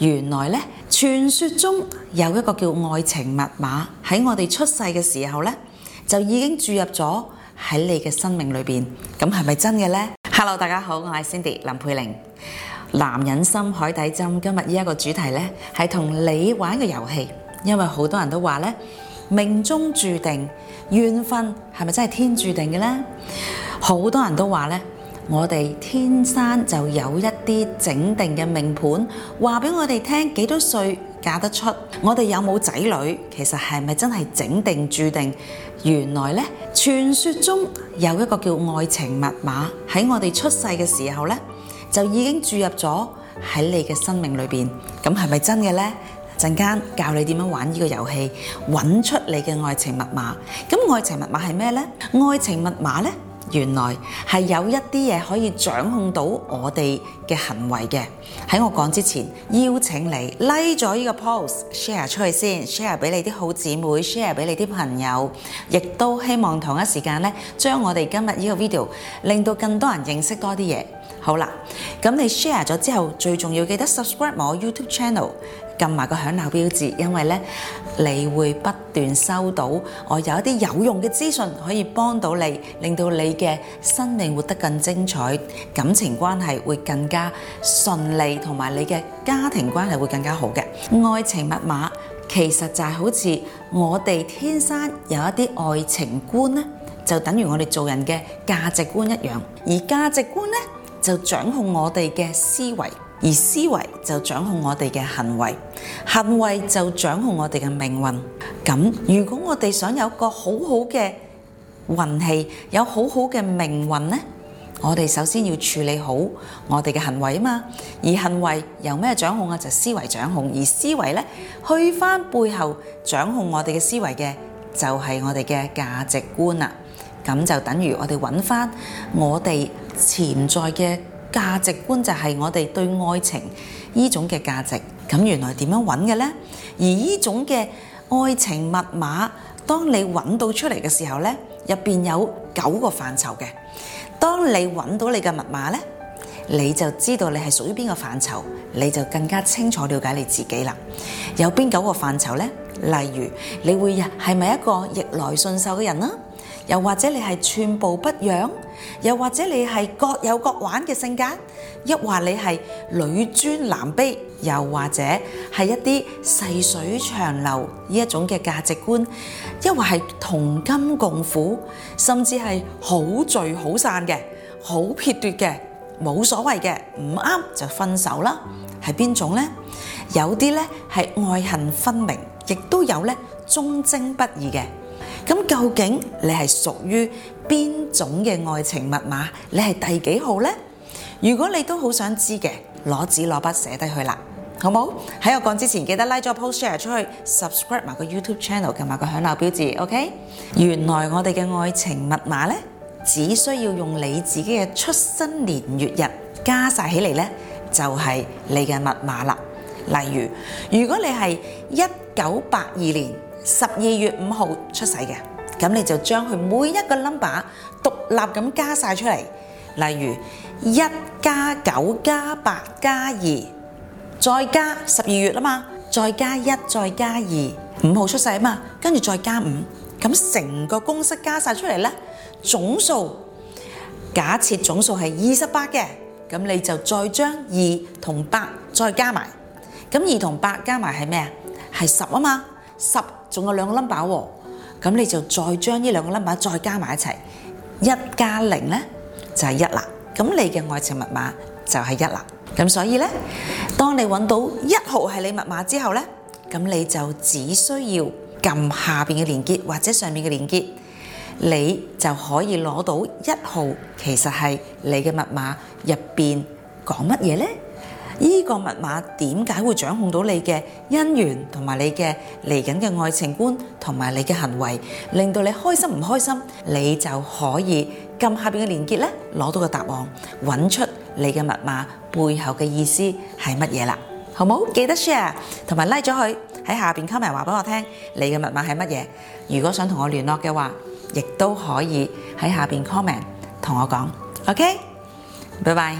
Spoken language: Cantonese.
原來咧，傳說中有一個叫愛情密碼，喺我哋出世嘅時候咧，就已經注入咗喺你嘅生命裏邊。咁係咪真嘅呢？Hello，大家好，我係 Cindy 林佩玲。男人心海底針，今日呢一個主題咧，係同你玩個遊戲，因為好多人都話咧，命中注定、緣分係咪真係天注定嘅呢？好多人都話咧。我哋天生就有一啲整定嘅命盤，話俾我哋聽幾多歲嫁得出，我哋有冇仔女，其實係咪真係整定注定？原來咧，傳說中有一個叫愛情密碼，喺我哋出世嘅時候咧，就已經注入咗喺你嘅生命裏邊。咁係咪真嘅咧？一陣間教你點樣玩呢個遊戲，搵出你嘅愛情密碼。咁愛情密碼係咩咧？愛情密碼咧？原來係有一啲嘢可以掌控到我哋嘅行為嘅。喺我講之前，邀請你 like 咗呢個 post share 出去先，share 俾你啲好姊妹，share 俾你啲朋友，亦都希望同一時間咧，將我哋今日呢個 video 令到更多人認識多啲嘢。好啦，咁你 share 咗之後，最重要記得 subscribe 埋我 YouTube channel。撳埋個響鬧標誌，因為咧你會不斷收到我有一啲有用嘅資訊，可以幫到你，令到你嘅生命活得更精彩，感情關係會更加順利，同埋你嘅家庭關係會更加好嘅。愛情密碼其實就係好似我哋天生有一啲愛情觀咧，就等於我哋做人嘅價值觀一樣，而價值觀咧就掌控我哋嘅思維。而思維就掌控我哋嘅行為，行為就掌控我哋嘅命運。咁如果我哋想有個好好嘅運氣，有好好嘅命運咧，我哋首先要處理好我哋嘅行為啊嘛。而行為由咩掌控啊？就思維掌控。而思維咧，去翻背後掌控我哋嘅思維嘅，就係我哋嘅價值觀啦。咁就等於我哋揾翻我哋潛在嘅。價值觀就係我哋對愛情呢種嘅價值，咁原來點樣揾嘅呢？而呢種嘅愛情密碼，當你揾到出嚟嘅時候呢，入邊有九個範疇嘅。當你揾到你嘅密碼呢，你就知道你係屬於邊個範疇，你就更加清楚了解你自己啦。有邊九個範疇呢？例如，你會啊，係咪一個逆來順受嘅人呢？又或者你係寸步不讓，又或者你係各有各玩嘅性格；抑或你係女尊男卑，又或者係一啲細水長流呢一種嘅價值觀；抑或係同甘共苦，甚至係好聚好散嘅，好撇脱嘅，冇所謂嘅，唔啱就分手啦。係邊種呢？有啲咧係愛恨分明，亦都有咧忠貞不二嘅。咁究竟你係屬於邊種嘅愛情密碼？你係第幾號呢？如果你都好想知嘅，攞紙攞筆寫低去啦，好冇？喺我講之前，記得拉咗個 post share 出去，subscribe 埋個 YouTube channel，撳埋個響鬧標誌，OK？原來我哋嘅愛情密碼呢，只需要用你自己嘅出生年月日加晒起嚟呢，就係你嘅密碼啦。例如，如果你係一九八二年。十二月五號出世嘅，咁你就將佢每一個 number 獨立咁加晒出嚟。例如一加九加八加二，再加十二月啊嘛，再加一再加二，五號出世啊嘛，跟住再加五，咁成個公式加晒出嚟呢，總數假設總數係二十八嘅，咁你就再將二同八再加埋，咁二同八加埋係咩啊？係十啊嘛，十。仲有兩個 number 喎，咁你就再將呢兩個 number 再加埋一齊，一加零呢就係一啦。咁你嘅愛情密碼就係一啦。咁所以呢，當你揾到一號係你密碼之後呢，咁你就只需要撳下邊嘅連結或者上面嘅連結，你就可以攞到一號，其實係你嘅密碼入邊講乜嘢呢。依個密碼點解會掌控到你嘅姻緣同埋你嘅嚟緊嘅愛情觀同埋你嘅行為，令到你開心唔開心，你就可以撳下邊嘅連結咧，攞到個答案，揾出你嘅密碼背後嘅意思係乜嘢啦，好冇？記得 share 同埋拉咗佢喺下邊 comment 話俾我聽，你嘅密碼係乜嘢？如果想同我聯絡嘅話，亦都可以喺下邊 comment 同我講。OK，拜拜。